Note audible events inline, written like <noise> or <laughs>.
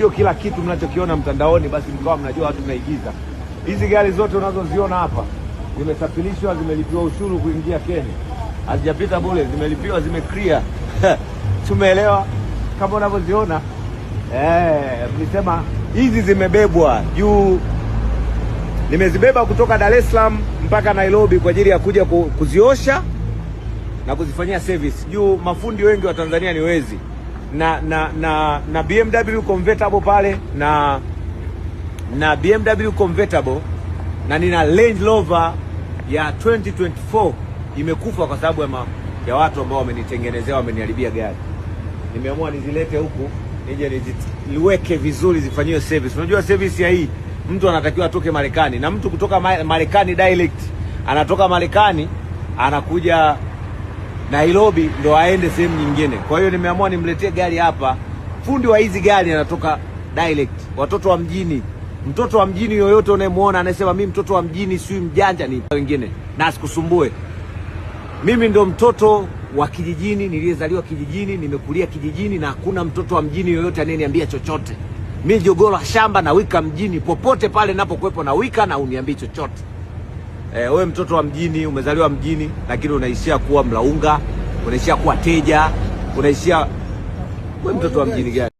sio kila kitu mnachokiona mtandaoni basi mkawa mnajua watu mnaigiza. Hizi gari zote unazoziona hapa zimesafirishwa, zimelipiwa ushuru kuingia Kenya, hazijapita bure, zimelipiwa, clear. <laughs> tumeelewa kama unavyoziona eh, nilisema hizi zimebebwa juu, nimezibeba kutoka Dar es Salaam mpaka Nairobi kwa ajili ya kuja kuziosha na kuzifanyia service juu mafundi wengi wa Tanzania ni wezi na na na na BMW convertible pale na na BMW convertible na nina Range Rover ya 2024 imekufa kwa sababu ya, ya watu ambao wamenitengenezea wameniharibia gari. Nimeamua nizilete huku nije niziweke vizuri, zifanyiwe service. Unajua service ya hii mtu anatakiwa atoke Marekani na mtu kutoka Marekani direct anatoka Marekani anakuja Nairobi ndo aende sehemu nyingine. Kwa hiyo nimeamua nimletee gari hapa. Fundi wa hizi gari anatoka direct, watoto wa mjini. Mtoto wa mjini yoyote unayemwona anasema mimi mtoto wa mjini si mjanja, ni wengine na asikusumbue. Mimi ndo mtoto wa kijijini, niliyezaliwa kijijini, nimekulia kijijini, na hakuna mtoto wa mjini yoyote anayeniambia chochote. Mi jogoro shamba na wika mjini, popote pale napokuwepo na wika na uniambii chochote. Eh, we mtoto wa mjini, umezaliwa mjini, lakini unaishia kuwa mlaunga, unaishia kuwa teja, unaishia we mtoto wa mjini gani?